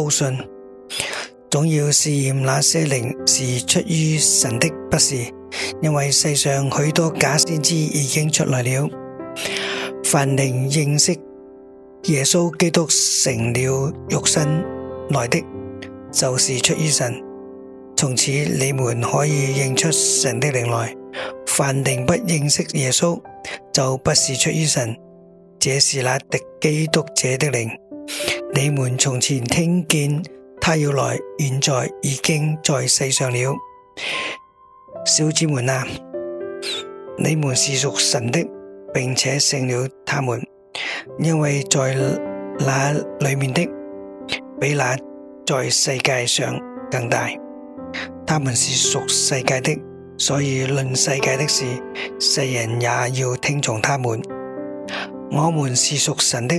報信總要試驗那些靈是出於神的，不是，因為世上許多假先知已經出來了。凡靈認識耶穌基督成了肉身來的，就是出於神。從此你們可以認出神的靈來。凡靈不認識耶穌，就不是出於神。這是那敵基督者的靈。你們從前聽見他要來，現在已經在世上了。小子們啊，你們是屬神的，並且勝了他們，因為在那裏面的比那在世界上更大。他們是屬世界的，所以論世界的事，世人也要聽從他們。我們是屬神的。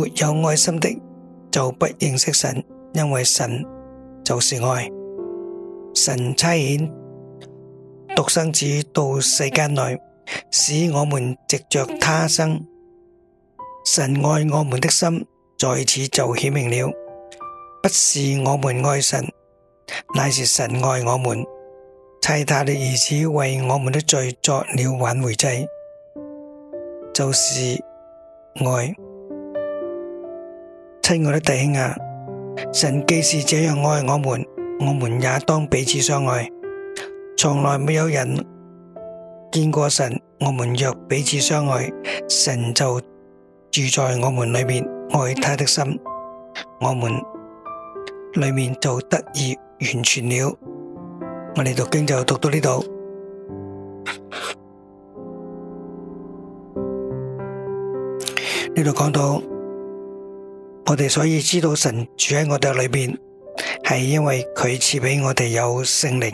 沒有愛心的就不認識神，因為神就是愛。神差遣獨生子到世間內，使我們藉着他生。神愛我們的心在此就顯明了，不是我們愛神，乃是神愛我們，差他的兒子為我們的罪作了挽回祭，就是愛。親愛的弟兄啊，神既是這樣愛我們，我們也當彼此相愛。從來沒有人見過神，我們若彼此相愛，神就住在我們裏面。愛他的心，我們裏面就得以完全了。我哋讀經就讀到呢度，呢度講到。我哋所以知道神住喺我哋裏邊，係因為佢賜俾我哋有聖靈。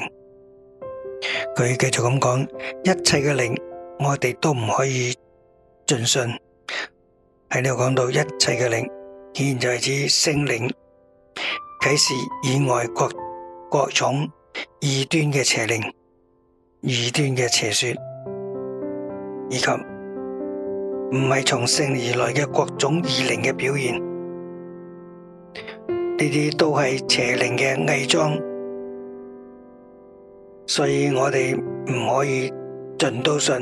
佢繼續咁講，一切嘅靈，我哋都唔可以盡信。喺呢度講到一切嘅靈，現在指聖靈，啟示以外各各種異端嘅邪靈、異端嘅邪說，以及唔係從聖而來嘅各種異靈嘅表現。呢啲都係邪靈嘅偽裝，所以我哋唔可以盡都信。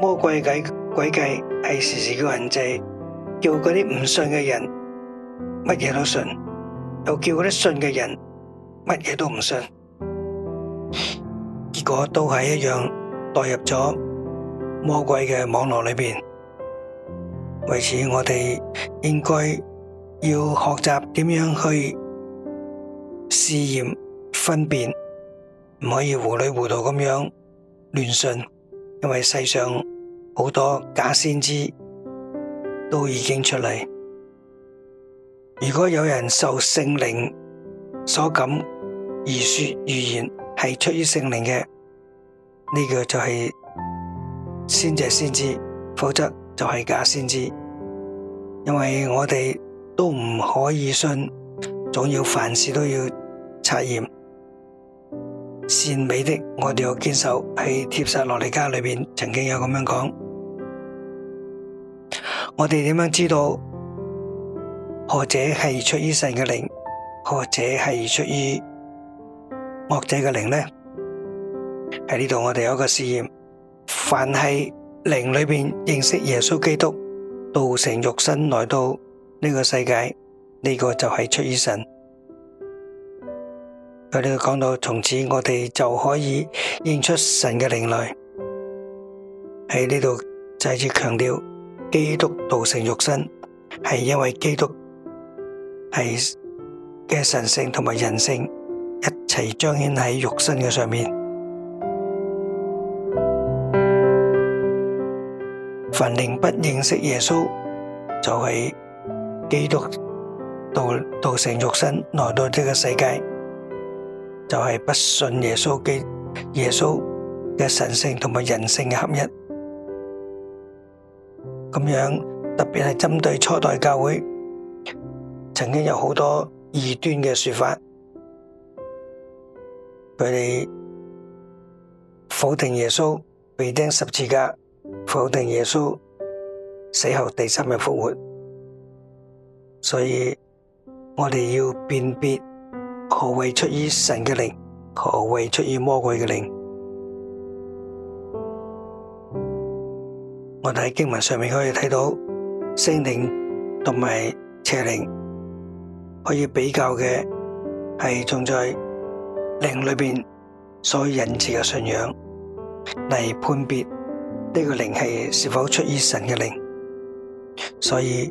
魔鬼嘅詭計係時時叫人制，叫嗰啲唔信嘅人乜嘢都信，又叫嗰啲信嘅人乜嘢都唔信，結果都係一樣墮入咗魔鬼嘅網絡裏邊。為此，我哋應該。要學習點樣去試驗分辨，唔可以糊裏糊塗咁樣亂信，因為世上好多假先知都已經出嚟。如果有人受聖靈所感而說預言，係出於聖靈嘅，呢個就係先者先知；否則就係假先知，因為我哋。都唔可以信，總要凡事都要察驗善美的。我哋要堅守，喺帖撒羅尼迦裏面曾經有咁樣講，我哋點樣知道，或者係出於神嘅靈，或者係出於惡者嘅靈呢？喺呢度我哋有一個試驗，凡係靈裏邊認識耶穌基督，道成肉身來到。呢個世界，呢個就係出於神。佢呢度講到，從此我哋就可以認出神嘅靈來。喺呢度再次強調，基督道成肉身，係因為基督係嘅神性同埋人性一齊彰顯喺肉身嘅上面。凡靈不認識耶穌，就係。基督道道成肉身來到這個世界，就係不信耶穌，基耶穌嘅神性同埋人性嘅合一。咁樣特別係針對初代教會，曾經有好多異端嘅說法，佢哋否定耶穌被釘十字架，否定耶穌死後第三日復活。所以我哋要辨別何為出於神嘅靈，何為出於魔鬼嘅靈。我哋喺經文上面可以睇到聖靈同埋邪靈可以比較嘅係，仲在靈裏邊所引致嘅信仰嚟，判別呢個靈氣是否出於神嘅靈。所以。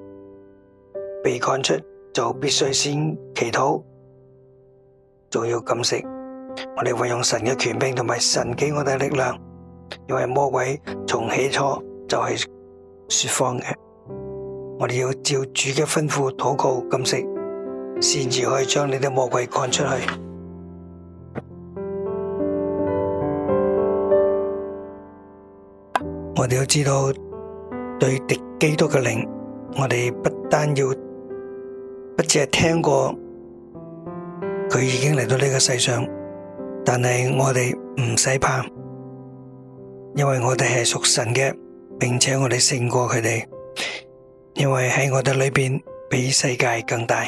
被趕出，就必須先祈禱，仲要禁食。我哋會用神嘅權柄同埋神俾我哋嘅力量，因為魔鬼從起初就係說謊嘅。我哋要照主嘅吩咐禱告、禁食，先至可以將你啲魔鬼趕出去。我哋要知道，對敵基督嘅靈，我哋不單要。不只係聽過佢已經嚟到呢個世上，但係我哋唔使怕，因為我哋係屬神嘅，並且我哋勝過佢哋，因為喺我哋裏邊比世界更大。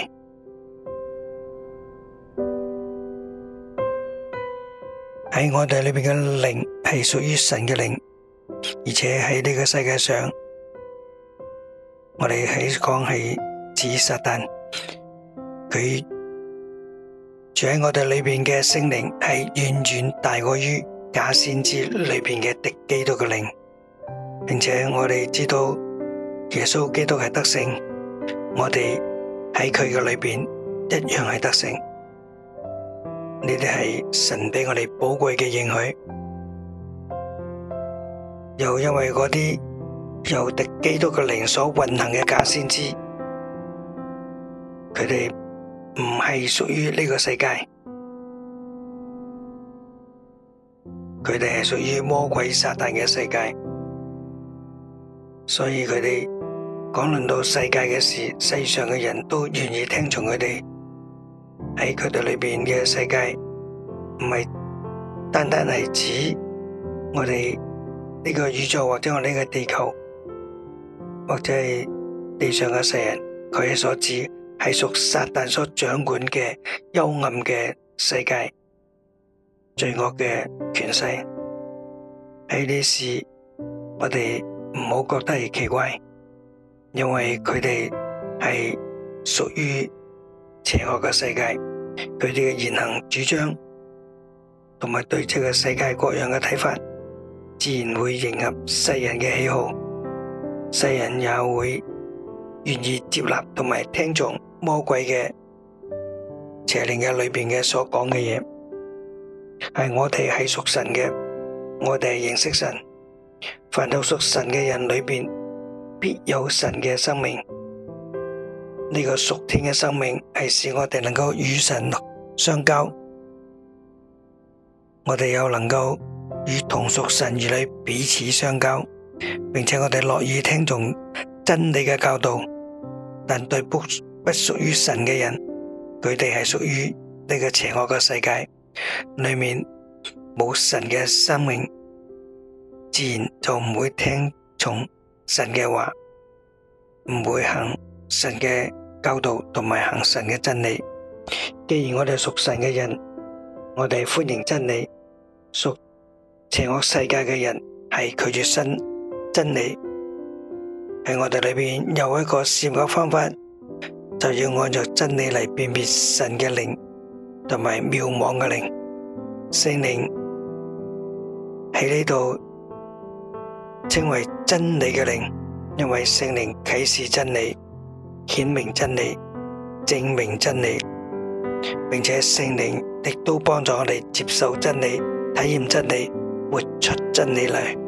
喺我哋裏邊嘅靈係屬於神嘅靈，而且喺呢個世界上，我哋喺講係指撒旦。佢住喺我哋裏邊嘅聖靈係遠遠大過於假先知裏邊嘅敵基督嘅靈，並且我哋知道耶穌基督係得勝，我哋喺佢嘅裏邊一樣係得勝。呢啲係神畀我哋寶貴嘅應許。又因為嗰啲由敵基督嘅靈所運行嘅假先知，佢哋。唔係屬於呢個世界，佢哋係屬於魔鬼撒旦嘅世界，所以佢哋講論到世界嘅事，世上嘅人都願意聽從佢哋。喺佢哋裏邊嘅世界，唔係單單係指我哋呢個宇宙或者我呢個地球，或者係地上嘅世人，佢哋所指。係屬撒旦所掌管嘅幽暗嘅世界，罪惡嘅權勢，喺呢時我哋唔好覺得係奇怪，因為佢哋係屬於邪惡嘅世界，佢哋嘅言行主張同埋對這個世界各樣嘅睇法，自然會迎合世人嘅喜好，世人也會。願意接納同埋聽從魔鬼嘅邪靈嘅裏邊嘅所講嘅嘢。係我哋係屬神嘅，我哋係認識神。凡到屬神嘅人裏邊，必有神嘅生命。呢個屬天嘅生命，係使我哋能夠與神相交，我哋又能夠與同屬神兒女彼此相交，並且我哋樂意聽從真理嘅教導。但對不不屬於神嘅人，佢哋係屬於呢個邪惡嘅世界，裏面冇神嘅生命，自然就唔會聽從神嘅話，唔會行神嘅教導同埋行神嘅真理。既然我哋屬神嘅人，我哋歡迎真理；屬邪惡世界嘅人係拒絕神真理。喺我哋裏邊有一個善嘅方法，就要按照真理嚟辨別神嘅靈同埋謬妄嘅靈。聖靈喺呢度稱為真理嘅靈，因為聖靈啟示真理、顯明真理、證明真理，並且聖靈亦都幫助我哋接受真理、體驗真理、活出真理嚟。